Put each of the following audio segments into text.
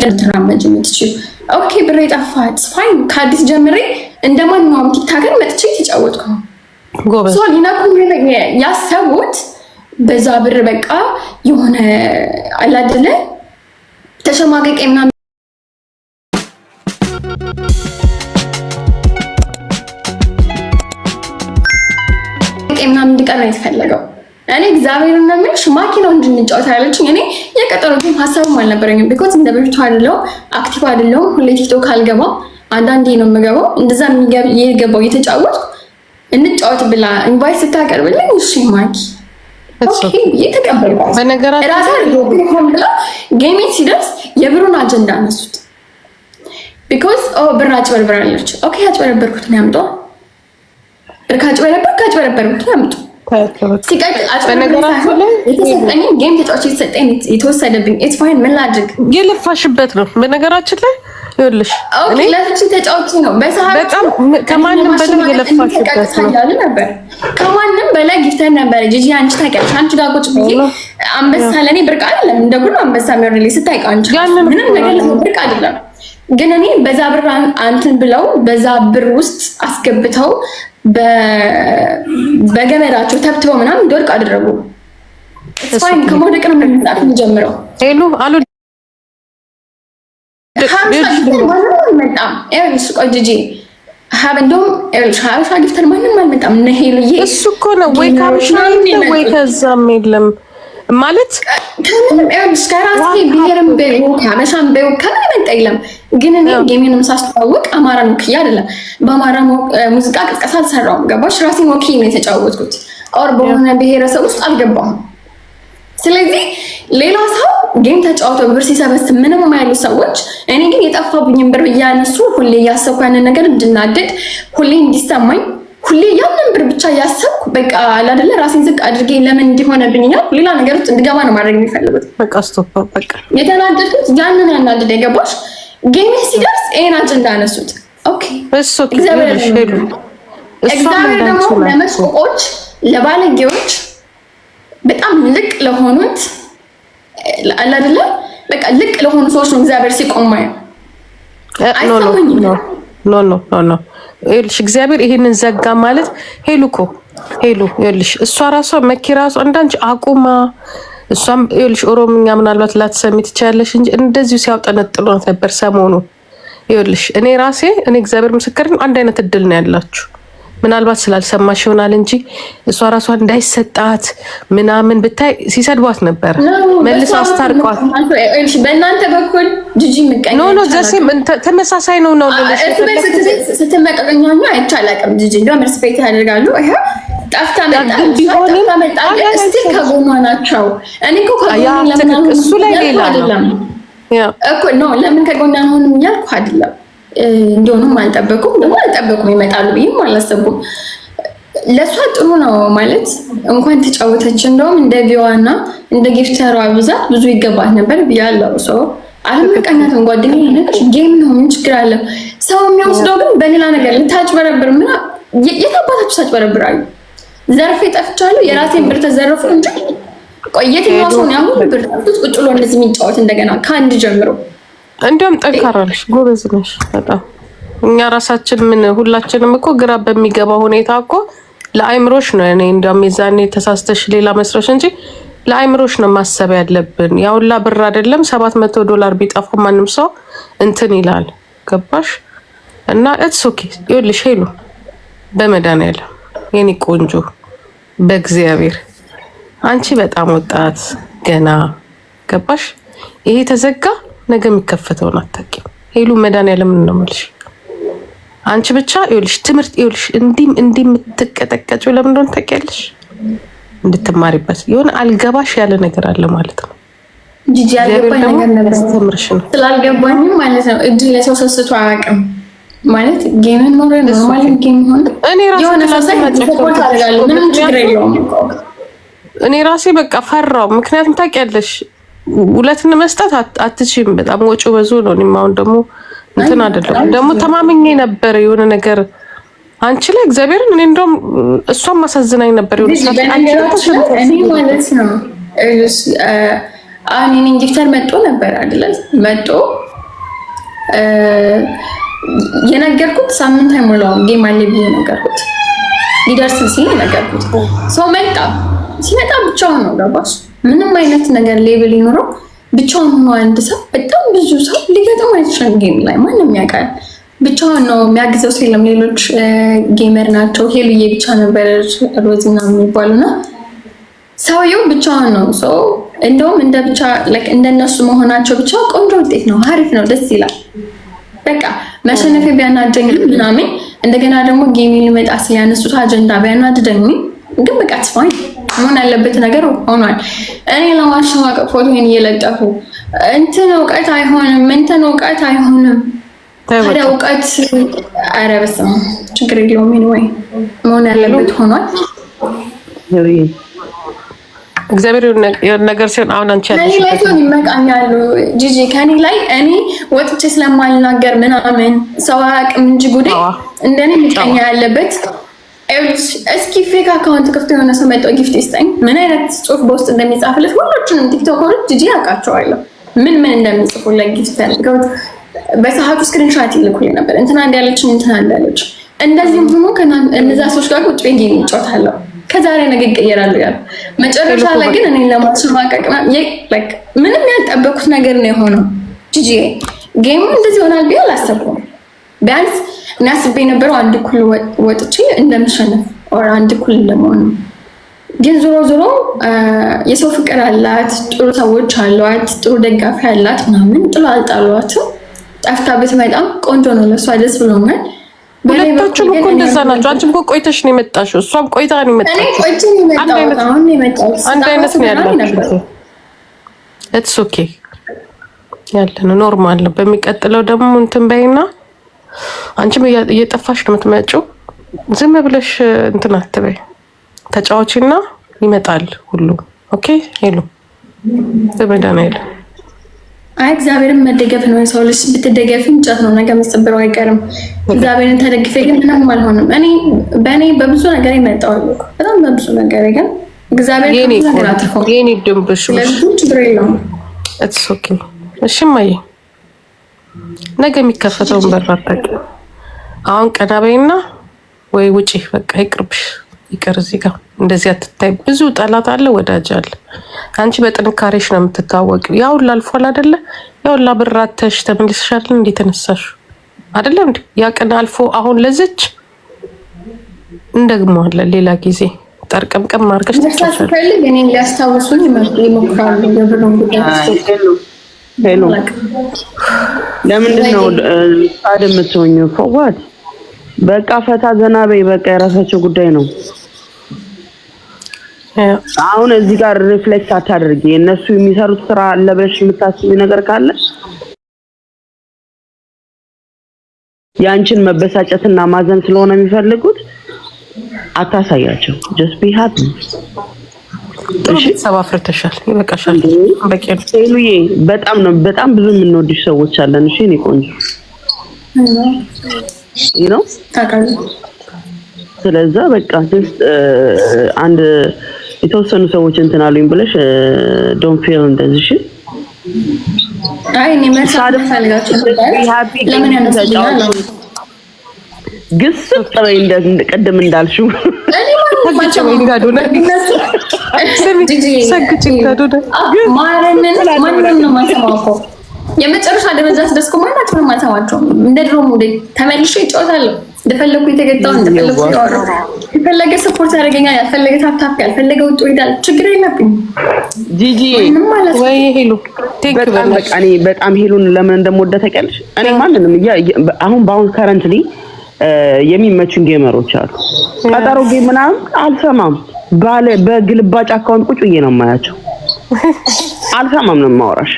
ልትራመጅ የምትችል ኦኬ፣ ብሬ ጠፋ ፋይን። ከአዲስ ጀምሬ እንደ ማንኛውም መጥቼ ያሰቡት በዛ ብር በቃ የሆነ አላደለ ምናምን ምናምን እንዲቀር ነው የተፈለገው። እኔ እግዚአብሔር እንደምልሽ ማኪናው እንድንጫወት ያለችኝ እኔ የቀጠሮ ግን ሀሳብም አልነበረኝም። ቢኮዝ እንደ በፊቱ አይደለው አክቲቭ አይደለውም። ሁሌ ቲክቶክ አልገባም። አንዳንዴ ነው የምገባው። እንደዛ የገባው እየተጫወት እንጫወት ብላ ኢንቫይት ስታቀርብልኝ እሺ ማኪ የተቀበልኳት ራሳ ብላ ጌሜት ሲደርስ የብሩን አጀንዳ አነሱት። ቢኮዝ ብር አጭበርብራለች። ኦኬ አጭበረበርኩት ነው ያምጡ ብር ካጭበረበር ካጭበረበርኩት ነው ያምጡ ጌም የለፋሽበት ነው። በነገራችን ላይ ይኸውልሽ ተጫዋች ነው። ከማንም በላይ የለፋሽበት ነበር። ከማንም በላይ ጊፍተር ነበረ። ጂጂ አንቺ ታውቂያለሽ። አንቺ ጋር ቁጭ ብዬ አንበሳ ለእኔ ብርቅ አይደለም። እንደ ጉድ አንበሳ ላይ ስታይቀ አንቺ ምንም ነገር ብርቅ አይደለም። ግን እኔ በዛ ብር አንትን ብለው በዛ ብር ውስጥ አስገብተው በገመዳቸው ተብትበው ምናምን እንዲወድቅ አደረጉ። ስፋይን ከመውደቅ ነው ምንጣፍ ጀምረው ሄሉ አሉ ሀብ እንደውም ሀበሻ ጊፍተር ማንም አልመጣም። እነ ሄሉ እሱ እኮ ነው ወይ ከሀበሻ ወይ ከዛም የለም ማለት ብሔርም ሻን ከምን መጣ የለም። ግን እኔ ጌሜንም ሳስተዋወቅ አማራን ወክዬ አይደለም። በአማራ ሙዚቃ ቅስቀሳ አልሰራውም። ገባሽ? ራሴን ወክዬ ነው የተጫወትኩት። ኦር በሆነ ብሔረሰብ ውስጥ አልገባሁም። ስለዚህ ሌላ ሰው ጌም ተጫውቶ ብር ሲሰበስብ ምንም የማይሉ ሰዎች፣ እኔ ግን የጠፋብኝን ብር እያነሱ ሁሌ እያሰብኩ ያንን ነገር እንድናደድ ሁሌ እንዲሰማኝ ሁሌ ያንን ብር ብቻ እያሰብኩ በቃ አይደለ ራሴን ዝቅ አድርጌ ለምን እንዲሆነብኝ እያልኩ ሌላ ነገር ውስጥ እንድገባ ነው ማድረግ የሚፈልጉት። በቃ ስቶፕ። በቃ የተናደድኩት ያንን ያናደደ የገባሽ ጌሜ ሲደርስ ይሄን አጀንዳ አነሱት። ኦኬ እግዚአብሔር ደግሞ ለመጥቆቆች፣ ለባለጌዎች፣ በጣም ልቅ ለሆኑት አይደለ በቃ ልቅ ለሆኑ ሰዎች ነው እግዚአብሔር ሲቆማ ማየው አይሰሙኝም። ኖ ኖ ኖ ኖ ይኸውልሽ እግዚአብሔር ይሄንን ዘጋ ማለት ሄሉ እኮ ሄሉ ይኸውልሽ እሷ ራሷ መኪ ራሷ እንዳንቺ አቁማ እሷም ይኸውልሽ ኦሮምኛ ምናልባት ላትሰሚ ትችያለሽ እንጂ እንደዚሁ ሲያውጠነጥሏት ነበር ሰሞኑ። ይኸውልሽ እኔ ራሴ እኔ እግዚአብሔር ምስክርን አንድ አይነት እድል ነው ያላችሁ ምናልባት ስላልሰማሽ ይሆናል እንጂ እሷ ራሷ እንዳይሰጣት ምናምን ብታይ ሲሰድቧት ነበር። መልስ አስታርቋት። በእናንተ በኩል ጂጂ ምቀኝ ኖ ኖ ዘሴም ተመሳሳይ ነው ነው ስትመቀቀኛ አይቻላቅም። ጂጂ እንዲያውም ሪስፔክት ያደርጋሉ። ይሄ ጠፍታ መጣለች። ከጎኗ ናቸው። እኔ እኮ ከጎኗ ለምን አሁንም እያልኩ አይደለም። እንዲሆኑም አልጠበቁም፣ ደግሞ አልጠበቁም ይመጣሉ ብዬም አላሰቡም። ለእሷ ጥሩ ነው ማለት እንኳን ተጫወተች። እንደውም እንደ ቪዋ ቪዋና እንደ ጊፍተሯ ብዛት ብዙ ይገባት ነበር ብያለው። ሰው አለመቀናትን ጓደኛ ነች፣ ጌም ነው፣ ምን ችግር አለ? ሰው የሚወስደው ግን በሌላ ነገር ልታጭበረብር ምና የታባታችሁ ታጭበረብራሉ። ዘርፌ ጠፍቻለሁ የራሴን ብር ተዘረፉ እንጂ ቆየትኛው ሰውን ያሁን ብር ቁጭ ብሎ እንደዚህ የሚጫወት እንደገና ከአንድ ጀምሮ እንዲሁም ጠንካራ ነሽ፣ ጎበዝ ነሽ በጣም እኛ ራሳችን ምን ሁላችንም እኮ ግራ በሚገባ ሁኔታ እኮ ለአይምሮሽ ነው እኔ እንዲያውም የዛኔ ተሳስተሽ ሌላ መስረሽ እንጂ ለአይምሮሽ ነው ማሰብ ያለብን። ያሁላ ብር አይደለም ሰባት መቶ ዶላር ቢጠፋ ማንም ሰው እንትን ይላል። ገባሽ? እና እትስ ኦኬ ይኸውልሽ ሄሉ በመድኃኒዓለም የኔ ቆንጆ በእግዚአብሔር አንቺ በጣም ወጣት ገና ገባሽ? ይሄ ተዘጋ ነገ የሚከፈተውን አታውቂም። ሄሉ መድኃኒዓለምን ነው የምልሽ። አንቺ ብቻ ይኸውልሽ፣ ትምህርት ይኸውልሽ፣ እንዲህ እንዲህ የምትቀጠቀጭው ለምን እንደሆነ ታውቂያለሽ። እንድትማሪበት የሆነ አልገባሽ ያለ ነገር አለ ማለት ነው። ጂጂ ያልገባኝ ነገር ነበር ስላልገባኝም ማለት ነው። እድል ለሰው ሰስቶ አያውቅም ማለት ጌምን ኖረ ኖርማል ጌም ሆነ እኔ ራሴ ምንም ችግር የለውም። እኔ ራሴ በቃ ፈራው። ምክንያቱም ታውቂያለሽ ሁለትን መስጠት አትችም። በጣም ወጪ በዙ ነው። እኔም አሁን ደግሞ እንትን አይደለም ደግሞ ተማምኜ ነበር የሆነ ነገር አንቺ ላይ እግዚአብሔርን እኔ እንደውም እሷም ማሳዝናኝ ነበር የሆነ ማለት ነው። አሁን ኢንጀክተር መጦ ነበር አይደለ? መጦ የነገርኩት ሳምንት አይሞላውም። ጌም አለ ብዬ ነገርኩት። ሊደርስ ሲል ነገርኩት። ሰው መጣ። ሲመጣ ብቻውን ነው ገባሽ ምንም አይነት ነገር ሌብል ይኖረው ብቻውን ነው። አንድ ሰው በጣም ብዙ ሰው ሊገጥም አይችልም። ጌም ላይ ማንም ያውቃል። ብቻውን ነው የሚያግዘው ሰው የለም። ሌሎች ጌመር ናቸው። ሄሉዬ ብቻ ነበር ሮዝና የሚባሉ ነው። ሰውየው ብቻውን ነው ሰው እንደውም እንደ ብቻ እንደነሱ መሆናቸው ብቻ ቆንጆ ውጤት ነው። ሀሪፍ ነው። ደስ ይላል። በቃ መሸነፌ ቢያናደኝ ምናምን እንደገና ደግሞ ጌሚ ልመጣ ሲያነሱት አጀንዳ ቢያናድደኝ ግን በቃ ትፋኝ መሆን ያለበት ነገር ሆኗል። እኔ ለማሸማቀቅ ፎቶን እየለጠፉ እንትን እውቀት አይሆንም እንትን እውቀት አይሆንም ታዲያ እውቀት ኧረ በስመ አብ ችግር የለውም። ወይ መሆን ያለበት ሆኗል። እግዚአብሔር ነገር ሲሆን አሁን አንቺ ያለሽ ላይ ሲሆን ይመቃኛሉ። ጂጂ ከኔ ላይ እኔ ወጥቼ ስለማልናገር ምናምን ሰው አያውቅም እንጂ ጉዴ እንደኔ ምቀኛ ያለበት እስኪ ፌክ አካውንት ክፍት የሆነ ሰው መጣው ጊፍት ይስጠኝ፣ ምን አይነት ጽሁፍ በውስጥ እንደሚጻፍለት ሁሎችንም ቲክቶከሮች ጂጂ አውቃቸዋለሁ። ምን ምን እንደሚጽፉለት ጊፍት ያደርገው በሰዓቱ ስክሪንሻት ይልኩልኝ ነበር። እንትና እንዳለች እንትና እንዳለች እንደዚህም ሆኖ እነዛ ሰዎች ጋር ቁጭ ብዬ እጫወታለሁ። ከዛሬ ነገ ይቀየራሉ ያሉ መጨረሻ ላይ ግን እኔ ለማሸማቀቅ ምንም ያልጠበኩት ነገር ነው የሆነው። ጂጂ ጌሙ እንደዚህ ይሆናል ብዬ አላሰብኩም ቢያንስ እና አስቤ የነበረው አንድ እኩል ወጥቼ እንደምሸነፍ ኦር አንድ እኩል እንደመሆኑ ግን ዞሮ ዞሮ የሰው ፍቅር አላት፣ ጥሩ ሰዎች አሏት፣ ጥሩ ደጋፊ አላት ምናምን ጥሎ አልጣሏትም። ጠፍታ ብትመጣም ቆንጆ ነው፣ ለእሷ ደስ ብሎናል። ሁለታችሁም እኮ እንደዛ ናቸው። አንቺም እኮ ቆይተሽ ነው የመጣሽው፣ እሷም ቆይታ ነው የመጣችው። አይነት ነው ያላችሁ። ኢትስ ኦኬ ያለ ነው ኖርማል ነው። በሚቀጥለው ደግሞ እንትን በይና አንቺም እየጠፋሽ ነው የምትመጪው። ዝም ብለሽ እንትን አትበይ። ተጫዋችና ይመጣል ሁሉ ኦኬ። ሄሉ በመዳን ሄሉ አይ እግዚአብሔርን መደገፍ ነው። የሰው ልጅ ብትደገፍ እንጨት ነው ነገ መሰበሩ አይቀርም። እግዚአብሔርን ተደግፌ ግን ምንም አልሆንም። እኔ በእኔ በብዙ ነገር ይመጣዋሉ። በጣም በብዙ ነገር ግን እግዚአብሔር ነገር አትፈው ኔ ድንብሽ ችግር የለውም። እሺ ማየ ነገ የሚከፈተውን በር አሁን ቀዳበይና ወይ ውጪ በቃ ይቅርብሽ፣ ይቅር። እዚህ ጋር እንደዚህ አትታይ። ብዙ ጠላት አለ፣ ወዳጅ አለ። አንቺ በጥንካሬሽ ነው የምትታወቂው። ያው ላልፏል አደለ? ያው ላብራተሽ ተመልሰሻል። እንዴት ተነሳሽ አይደለ? ያ ቀን አልፎ አሁን ለዚች እንደግመዋለን ሌላ ጊዜ ጠርቀምቀም አድርገሽ ትቻለሽ። እኔ እንዲያስታውሱኝ ይሞክራሉ። ሄሎ፣ ለምንድን ነው ሳድ የምትሆኝ? ፎዋድ በቃ ፈታ ዘና በይ። በቃ የራሳቸው ጉዳይ ነው። አሁን እዚህ ጋር ሪፍሌክት አታድርጊ። እነሱ የሚሰሩት ስራ አለ ብለሽ የምታስቢ ነገር ካለ ያንቺን መበሳጨትና ማዘን ስለሆነ የሚፈልጉት አታሳያቸው። ጀስት ቢ ሃፒ ጥሩ ቤተሰብ አፍርተሻል። ይበቃሻል። በቂ ሄሉዬ በጣም ነው በጣም ብዙ የምንወድሽ ሰዎች አለን። እሺ እኔ ቆንጆ ነው። ስለዛ በቃ አንድ የተወሰኑ ሰዎች እንትን አሉኝ ብለሽ ዶን ፌል እንደዚህ እሺ ግስጥ በይ ቅድም እንዳልሽው የመጨረሻ ደረጃ ስደስኩ ማናቸውንም አልሰማቸውም። እንደ ድሮ ሙዴ ተመልሼ እጫወታለሁ። እንደፈለግኩ የተገጣው እንደፈለግኩ የፈለገ ስፖርት ያደርገኛል፣ ያልፈለገ ታፕታፕ፣ ያልፈለገ ውጡ ይሄዳል። ችግር የለብኝ። ጂጂ ወይ ሄሉ በጣም በቃ እኔ በጣም ሄሉን ለምን እንደምወደ እኔ ማንንም አሁን በአሁን ከረንትሊ ጌመሮች አሉ። ቀጠሮ ጌም ምናምን አልሰማም ባለ በግልባጭ አካውንት ቁጭ ብዬ ነው የማያቸው። አልሰማም ነው የማወራሽ።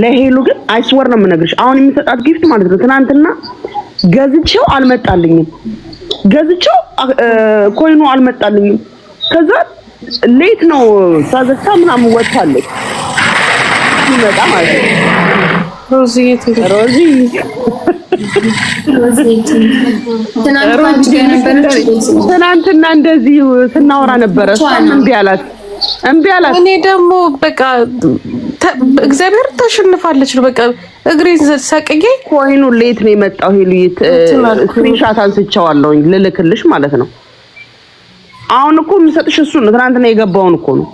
ለሄሉ ግን አይስወር ነው የምነግርሽ። አሁን የሚሰጣት ጊፍት ማለት ነው ትናንትና ገዝቼው አልመጣልኝም፣ ገዝቼው ኮይኑ አልመጣልኝም። ከዛ ሌት ነው ሳዘሳ ምናምን ወጥታለች ይመጣ ማለት ነው ሮዚ ትናንትና እንደዚህ ስናወራ ነበረ። እሷም እምቢ አላት እምቢ አላት። እኔ ደግሞ በቃ እግዚአብሔር ተሸንፋለች ነው በቃ እግሬን ሰቅዬ ኮይኑ ሌት ነው የመጣው። ሄሉይት ስክሪንሻት አንስቼዋለሁኝ ልልክልሽ ማለት ነው። አሁን እኮ የምሰጥሽ እሱን ትናንትና የገባውን እኮ ነው።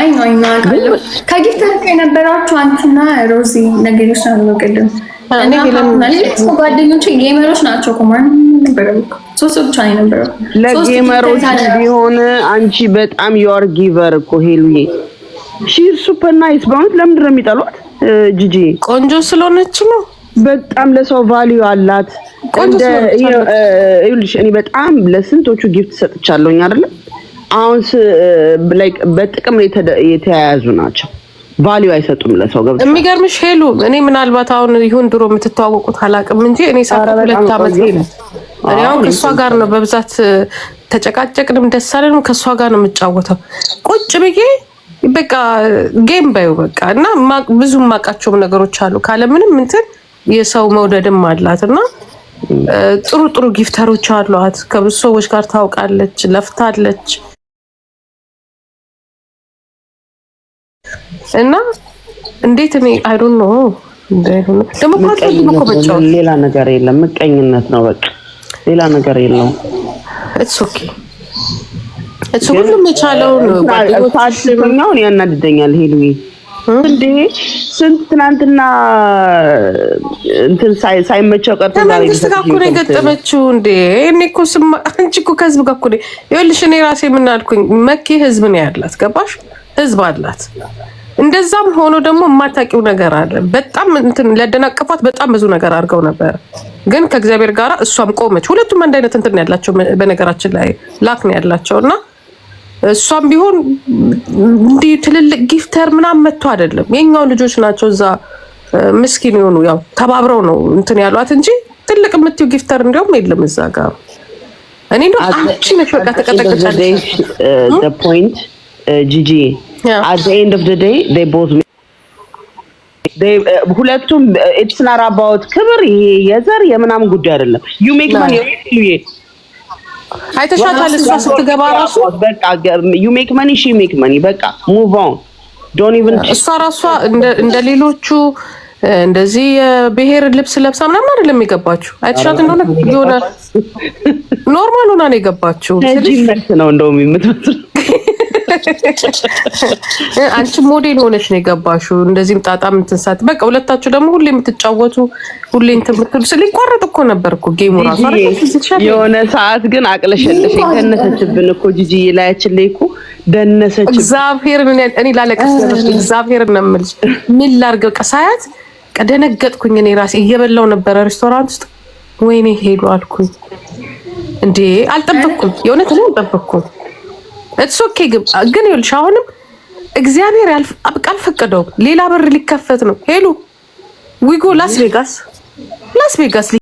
አይ ነው አይ ነው ከጊፍት ከነበራችሁ አንቺና ሮዚ ነገሮች ነው ቅድም ጓደኞች ጌመሮች ናቸው። ኮማን ሶስት ብቻ ለጌመሮች ቢሆን አንቺ በጣም ዩአር ጊቨር እኮ ሄሉዬ። ሱፐር ናይስ። በእውነት ለምንድን ነው የሚጠሏት? ጂጂ ቆንጆ ስለሆነች ነው። በጣም ለሰው ቫሊዩ አላት። ይኸውልሽ እኔ በጣም ለስንቶቹ ጊፍት ሰጥቻለሁኝ አይደለም። አሁን ላይክ በጥቅም የተያያዙ ናቸው። ቫሊዩ አይሰጡም ለሰው ገብቶ የሚገርምሽ ሄሉ እኔ ምናልባት አሁን ይሁን ድሮ የምትተዋወቁት አላውቅም እንጂ እኔ ሳት ሁለት ዓመት ነው እኔ አሁን ከእሷ ጋር ነው በብዛት ተጨቃጨቅንም ደስ አለንም ከእሷ ጋር ነው የምጫወተው ቁጭ ብዬ በቃ ጌም ባዩ በቃ እና ብዙ የማውቃቸውም ነገሮች አሉ ካለምንም እንትን የሰው መውደድም አላት እና ጥሩ ጥሩ ጊፍተሮች አሏት ከብዙ ሰዎች ጋር ታውቃለች ለፍታለች እና እንዴት እኔ አይዶን ነው ደግሞ ሌላ ነገር የለም። ምቀኝነት ነው በቃ ሌላ ነገር የለውም። እሱ ሁሉም የቻለውን ጓደኞችኛውን ያናድደኛል። ሄልዊ እንዴ ስንት ትናንትና እንትን ሳይመቸው ቀርቶ ከመንግስት ጋር እኮ ነው የገጠመችው። እንዴ እኔ እኮ ስማ አንቺ እኮ ከህዝብ ጋር እኮ ነው ይኸውልሽ፣ እኔ ራሴ የምናልኩኝ መኬ ህዝብ ነው ያላት ገባሽ? ህዝብ አላት እንደዛም ሆኖ ደግሞ የማታውቂው ነገር አለ። በጣም እንትን ሊያደናቅፏት በጣም ብዙ ነገር አድርገው ነበር ግን ከእግዚአብሔር ጋር እሷም ቆመች። ሁለቱም አንድ አይነት እንትን ያላቸው በነገራችን ላይ ላክ ነው ያላቸው እና እሷም ቢሆን እንዲህ ትልልቅ ጊፍተር ምናምን መጥቶ አይደለም። የኛው ልጆች ናቸው እዛ ምስኪን የሆኑ ያው ተባብረው ነው እንትን ያሏት እንጂ ትልቅ የምትዩ ጊፍተር እንዲያውም የለም እዛ ጋር። እኔ ነው አንቺ ነሽ በቃ ተቀጠቀጫለሽ ፖይንት ጂጂ አት ኦፍ ዘ ዴይ ቦዝ ሁለቱም ኢትስ ናት አባውት ክብር፣ ይሄ የዘር የምናምን ጉዳይ አይደለም። ዩ ሜክ ማኒ አይተሻታል። እሷ ስትገባ ራሱ በቃ ዩ ሜክ ማኒ ሺ ሜክ ማኒ በቃ ሙቭ ኦን ዶንት ኢቭን እሷ ራሷ እንደ ሌሎቹ uh, እንደዚህ የብሔር uh, ልብስ ለብሳ ምናምን አይደለም የገባችው። አይተሻት እንደሆነ የሆነ ኖርማል ሆና ነው የገባችው። ነው እንደውም የምትመስለው አንቺ ሞዴል ሆነች ነው የገባሽው። እንደዚህም ጣጣ ምትንሳት ሳት በቃ ሁለታችሁ ደግሞ ሁሌ የምትጫወቱ ሁሌ እንትን የምትሉ ስሊቋረጥ እኮ ነበር እኮ ጌሙ ራሱ የሆነ ሰዓት ግን አቅለሸለሽ ከነሰችብን እኮ ጂጂ ላያችን ላይ እኮ ደነሰች። እግዚአብሔር ምን ያል እኔ ላለቀስ ነበር። እግዚአብሔር ነው ምን ላርገው ቀሳያት ሳያት ደነገጥኩኝ። እኔ ራሴ እየበላው ነበረ ሬስቶራንት ውስጥ ወይኔ ሄዱ አልኩኝ። እንዴ አልጠበቅኩም፣ የእውነት እኔ አልጠበቅኩም። እሱ ኦኬ። ግን ይኸውልሽ አሁንም እግዚአብሔር ያልፍ አልፈቀደውም። ሌላ በር ሊከፈት ነው። ሄሉ ዊጎ ላስ ቬጋስ ላስ ቬጋስ